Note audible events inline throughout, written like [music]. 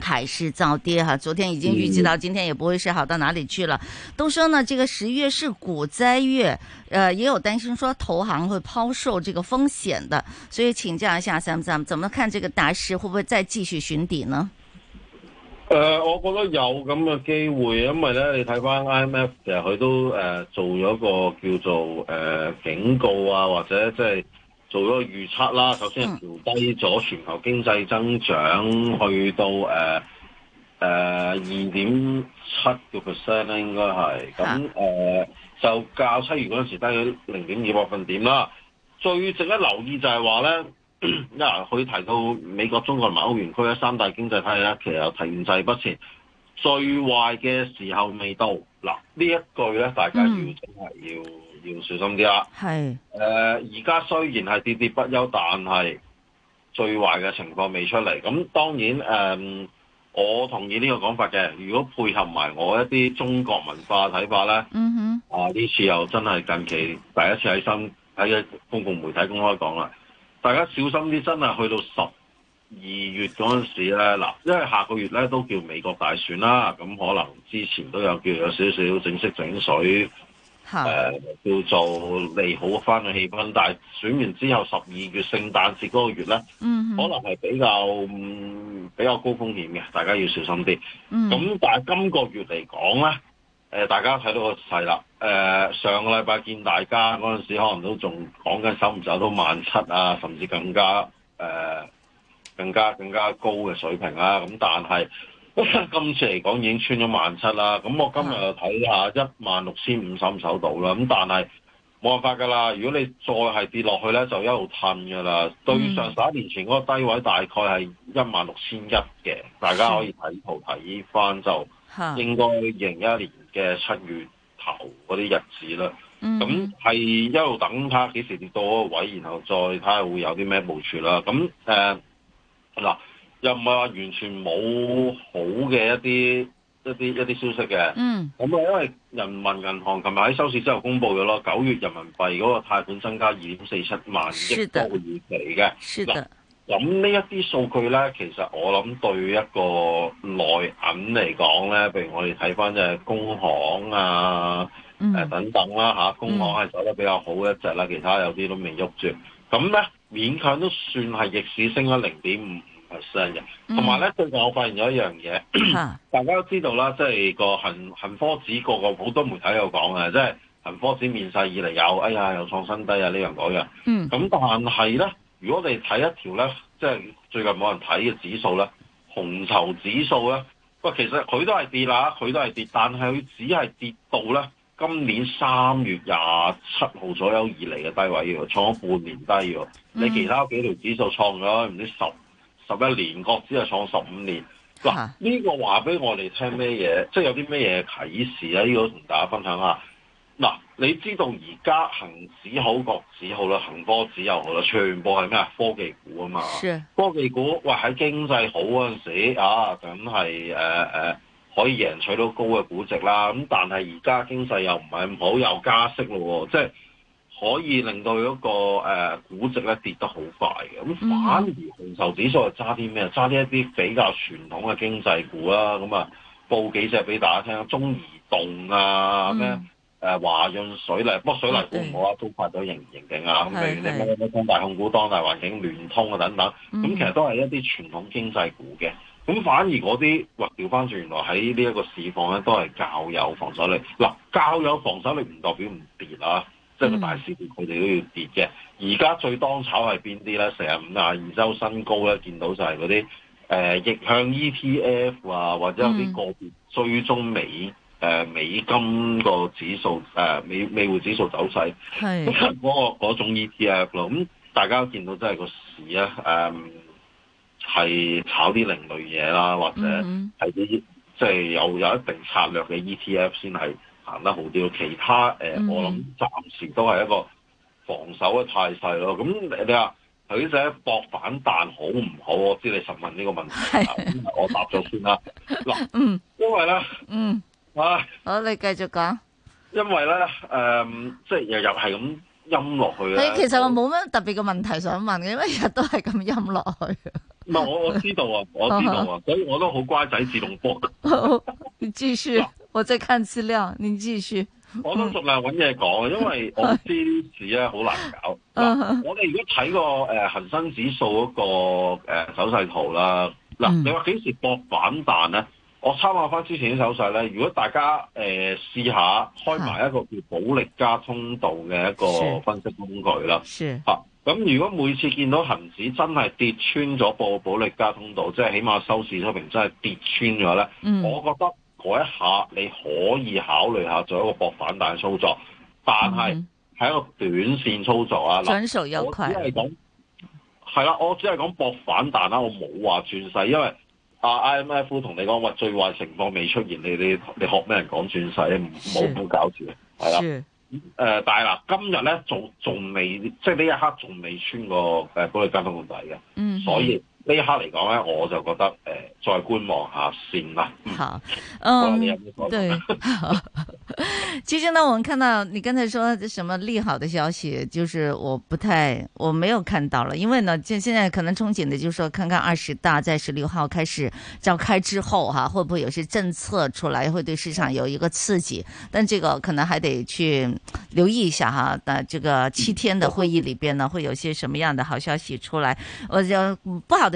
還是造跌哈，昨天已經預計到，今天也不會是好到哪裏去了。嗯、都說呢，這個十月是股災月，呃，也有擔心說投行會拋售這個風險的，所以請教一下 Sam Sam，怎麼看這個大市會不會再繼續尋底呢？呃，我覺得有咁嘅機會，因為咧你睇翻 IMF 其實佢都誒、呃、做咗個叫做誒、呃、警告啊，或者即、就、係、是。做咗預測啦，首先調低咗全球經濟增長，去到誒誒二點七個 percent 咧，應該係咁誒，就較七月嗰陣時低咗零點二百分點啦。最值得留意就係話咧，因為佢提到美國、中國同埋歐元區嘅三大經濟體咧，其實停滯不前，最壞嘅時候未到嗱，呢一句咧，大家要真係要。嗯要小心啲啦、啊。而家係、呃、雖然係跌跌不休，但係最壞嘅情況未出嚟。咁當然、呃、我同意呢個講法嘅。如果配合埋我一啲中國文化睇法咧，嗯哼。啊，呢次又真係近期第一次喺新喺嘅公共媒體公開講啦。大家小心啲，真係去到十二月嗰陣時咧，嗱，因為下個月咧都叫美國大選啦。咁可能之前都有叫有少少整色整水。誒、 [noise] 呃、叫做利好翻嘅氣氛，但係選完之後十二月聖誕節嗰個月咧，嗯、哼可能係比較、嗯、比較高風險嘅，大家要小心啲。咁、嗯、哼但係今個月嚟講咧，誒、呃、大家睇到個勢啦。誒、呃、上個禮拜見大家嗰陣、那個、時，可能都仲講緊守唔守到萬七啊，甚至更加誒、呃、更加更加高嘅水平啦。咁、啊、但係。 [laughs] 今次嚟講已經穿咗萬七啦，咁我今日就睇下一萬六千五收唔收到啦。咁、啊、但係冇辦法㗎啦，如果你再係跌落去咧，就一路褪㗎啦。嗯、對上十一年前嗰個低位大概係一萬六千一嘅，嗯、大家可以睇圖睇翻就應該二零一一年嘅七月頭嗰啲日子啦。咁係、嗯、一路等下幾時跌到嗰個位，然後再睇下會有啲咩部署啦、呃、啦。咁誒嗱。又唔係話完全冇好嘅一啲、嗯、一啲一啲消息嘅。嗯。咁啊，因為人民銀行琴日喺收市之後公布咗咯，九月人民幣嗰個貸款增加二點四七萬億預期嘅。咁呢一啲數據咧，其實我諗對一個內銀嚟講咧，譬如我哋睇翻就係工行啊，誒、嗯、等等啦嚇。工行係走得比較好一隻啦，嗯、其他有啲都未喐住。咁咧，勉強都算係逆市升咗零點五。嘅，同埋咧最近我發現咗一樣嘢，嗯、大家都知道啦，即係個恒科指個個好多媒體有講嘅，即係恒科指面世以嚟有哎呀又創新低啊呢樣嗰樣，樣嗯，咁但係咧，如果你睇一條咧，即係最近冇人睇嘅指數咧，紅籌指數咧，喂，其實佢都係跌啦，佢都係跌，但係佢只係跌到咧今年三月廿七號左右以嚟嘅低位喎，創咗半年低喎。你其他幾條指數創咗唔知十十一年國指係創十五年，嗱呢個話俾我哋聽咩嘢？即係有啲咩嘢啟示啊？呢個同大家分享下。嗱，你知道而家恒指好、國指好啦、恒科指又好啦，全部係咩啊？科技股啊嘛。是科技股，喂喺經濟好嗰陣時啊，梗係誒誒可以贏取到高嘅估值啦。咁但係而家經濟又唔係咁好，又加息嘞喎，即係。可以令到嗰、那個誒股、呃、值咧跌得好快嘅。咁反而紅籌指數係揸啲咩？揸啲一啲比較傳統嘅經濟股啦、啊，咁啊報幾隻俾大家聽，中移動啊，咩誒華潤水泥，不過水泥股我覺得都快咗形形定啊。咁譬如啲咩咩當大控股、當大環境、聯通啊等等，咁其實都係一啲傳統經濟股嘅。咁反而嗰啲或調翻轉原來喺呢一個市況咧，都係較有防守力。嗱，較有防守力唔代表唔跌啊。嗯、即係個大市佢哋都要跌嘅。而家最當炒係邊啲咧？成日五十二周新高咧，見到就係嗰啲誒逆向 ETF 啊，或者有啲個別追蹤美誒、呃、美金個指數誒、呃、美美匯指數走勢，嗰個嗰種 ETF 咯。咁、嗯、大家都見到真係個市咧、啊、誒，係、嗯、炒啲另類嘢啦，或者係啲即係有有一定策略嘅 ETF 先係行得好啲咯，其他誒，呃嗯、我諗暫時都係一個防守嘅態勢咯。咁你你話佢想搏反彈好唔好？我知你實問呢個問題了，的我答咗先啦。嗱、嗯，因為咧，啊、嗯，唉好，你繼續講。因為咧，誒、呃，即係又又係咁。音落去其實我冇咩特別嘅問題想問嘅，因為日都係咁音落去的。唔係、嗯、我我知道啊，我知道啊，所以我都好乖仔自動播的。 [laughs] uh huh. 你繼續，uh huh. 我在看資料，你繼續。我都盡量揾嘢講，uh huh. 因為我知啲事咧好難搞、uh huh. 我哋如果睇個誒恒生指數嗰個誒走勢圖啦，嗱，你話幾時搏反彈咧？Uh huh. 嗯我參考翻之前啲手勢咧，如果大家誒、呃、試下開埋一個叫保力加通道嘅一個分析工具啦，嚇咁、啊、如果每次見到恒指真係跌穿咗個保力加通道，即、就、係、是、起碼收市收平真係跌穿咗咧，嗯、我覺得一下你可以考慮下做一個博反彈操作，但係係一個短線操作啊。我只係講係啦，我只係講博反彈啦，我冇話轉勢，因為。阿 IMF 同你講，話最壞情況未出現，你你你學咩人講轉世，冇冇是搞住，係啦。誒的、呃，但係啦今日咧仲仲未，即係呢一刻仲未穿過誒保力加通道底嘅，呃嗯、哼所以。這一刻嚟講呢，我就覺得誒、呃，再觀望下先啦。 [laughs] 好，嗯， [laughs] 對， [laughs] 其實呢，我們看到你剛才說的什麼利好的消息，就是我不太我沒有看到了，因為呢，就現在可能憧憬的，就是說看看二十大在十六號開始召開之後，哈、啊，會不會有些政策出來會對市場有一個刺激？但這個可能還得去留意一下哈。但、啊、這個七天的會議裏邊呢，嗯、會有些什麼樣的好消息出來？我就不好的？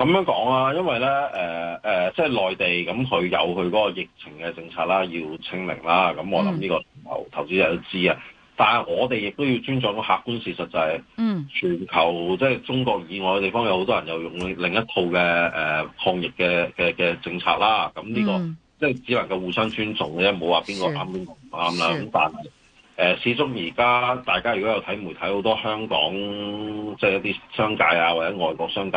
咁樣講啊，因為咧，誒、呃、誒、呃，即係內地咁，佢、嗯、有佢嗰個疫情嘅政策啦，要清零啦。咁、嗯、我諗呢個投投資者都知啊。嗯、但係我哋亦都要尊重個客觀事實，就係嗯全球，就係嗯全球即係中國以外嘅地方，有好多人又用另一套嘅誒、呃、抗疫嘅嘅嘅政策啦。咁、嗯、呢、嗯呢個即係、就係、只能夠互相尊重嘅啫，冇話邊個啱，邊個唔啱啦。咁但係誒、呃，始終而家大家如果有睇媒體，好多香港即係一啲商界啊，或者外國商界。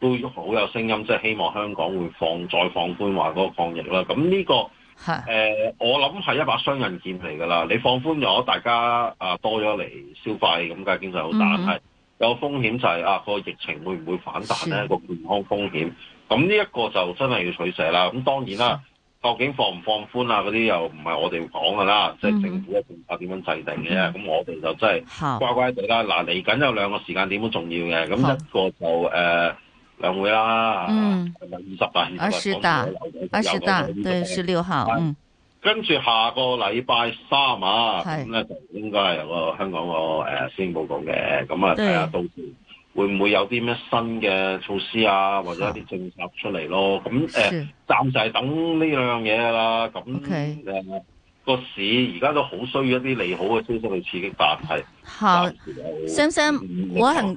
都好有聲音，即係希望香港會放再放寬話嗰個抗疫啦。咁呢、這個誒是、呃，我諗係一把雙刃劍嚟㗎啦。你放寬咗，大家啊、呃、多咗嚟消費咁嘅經濟好大，係、嗯嗯、有風險就係、是、啊、嗰個疫情會唔會反彈咧？是個健康風險。咁呢一個就真係要取捨啦。咁當然啦，是究竟放唔放寬啊嗰啲又唔係我哋講㗎啦，嗯嗯即係政府嘅政策點樣制定嘅。咁、嗯嗯、我哋就真係乖乖哋啦。嗱是，嚟緊有兩個時間點好重要嘅，咁一個就誒，好呃兩會啦，二十大，二十大，二十大，對，十六號。跟住下個禮拜三啊，咁咧應該係有個香港個誒施政報告嘅，咁啊睇下到時會唔會有啲咩新嘅措施啊，或者一啲政策出嚟咯。咁誒，暫時係等呢兩樣嘢噶啦。咁誒，個市而家都好需要一啲利好嘅消息去刺激話題。吓，先生，我係。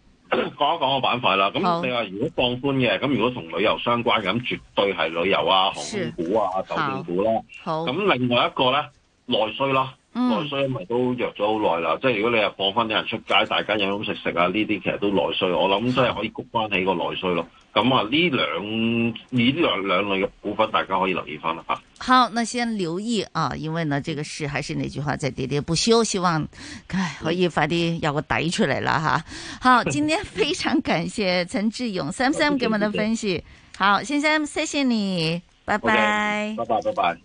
講一講個板塊啦，咁你話如果放寬嘅，咁如果同旅遊相關嘅咁，絕對係旅遊啊、航空股啊、酒店是股啦、啊。好。咁另外一個咧，內需啦，內、嗯、需咪都弱咗好耐啦。即係如果你又放翻啲人出街，大家飲飲食，食食啊，呢啲其實都內需，我諗真係可以谷翻起個內需咯。咁啊，呢兩呢兩兩類嘅股份，大家可以留意翻啦吓。啊、好，那先留意啊，因為呢，這個市還是那句話，再跌跌不休，希望可以快啲有個底出嚟啦吓。好，今天非常感謝陳志勇先生 [laughs] 給我們的分析。好，先生，謝謝你，拜拜，拜拜拜拜。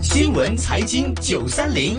新聞財經九三零。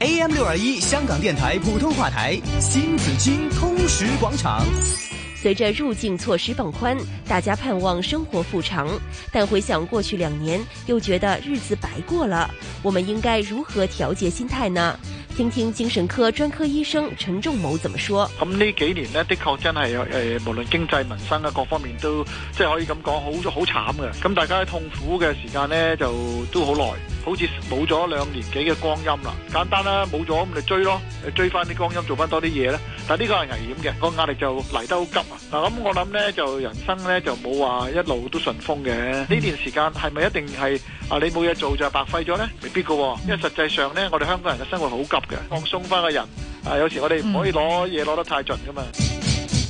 AM 六二一香港電台普通話台新紫荊通識廣場。隨着入境措施放寬，大家盼望生活復常，但回想過去兩年，又覺得日子白過了。我們應該如何調節心態呢？聽聽精神科專科醫生陳仲謀怎麼說。咁呢幾年呢，的確真係誒、呃，無論經濟民生啊，各方面都即係、就是、可以咁講，好好慘噶。咁大家痛苦嘅時間呢，就都好耐。好似冇咗兩年幾嘅光陰啦，簡單啦，冇咗咁咪追咯，追翻啲光陰，做翻多啲嘢咧。但係呢個係危險嘅，個壓力就嚟得好急啊！嗱，咁我諗呢就人生呢就冇話一路都順風嘅。呢段時間係咪一定係啊？你冇嘢做就白費咗呢？未必㗎，因為實際上呢，我哋香港人嘅生活好急嘅，放鬆翻個人啊，有時我哋唔可以攞嘢攞得太盡噶嘛。